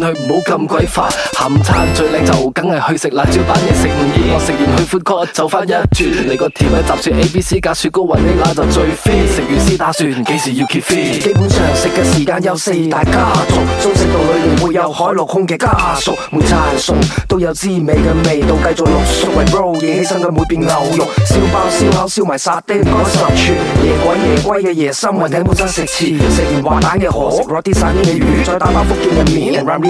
唔好咁鬼煩，下午餐最靚就梗係去食辣椒版，你食唔厭，我食完去闊闊，走翻一轉你個甜品雜處，A B C 架雪糕雲呢拿就最 fit，食完先打算幾時要 keep fit。基本上食嘅時間有四大家族，中式道裏面會有海陸空嘅家畜，每餐都有滋味嘅味道，繼續濃縮為 roll，衍生嘅每變牛肉、燒包、燒烤、燒埋沙爹嗰十串夜鬼夜歸嘅夜心為整滿身食刺，食完滑蛋嘅河，食多啲散嘅魚，再打包福建嘅麵。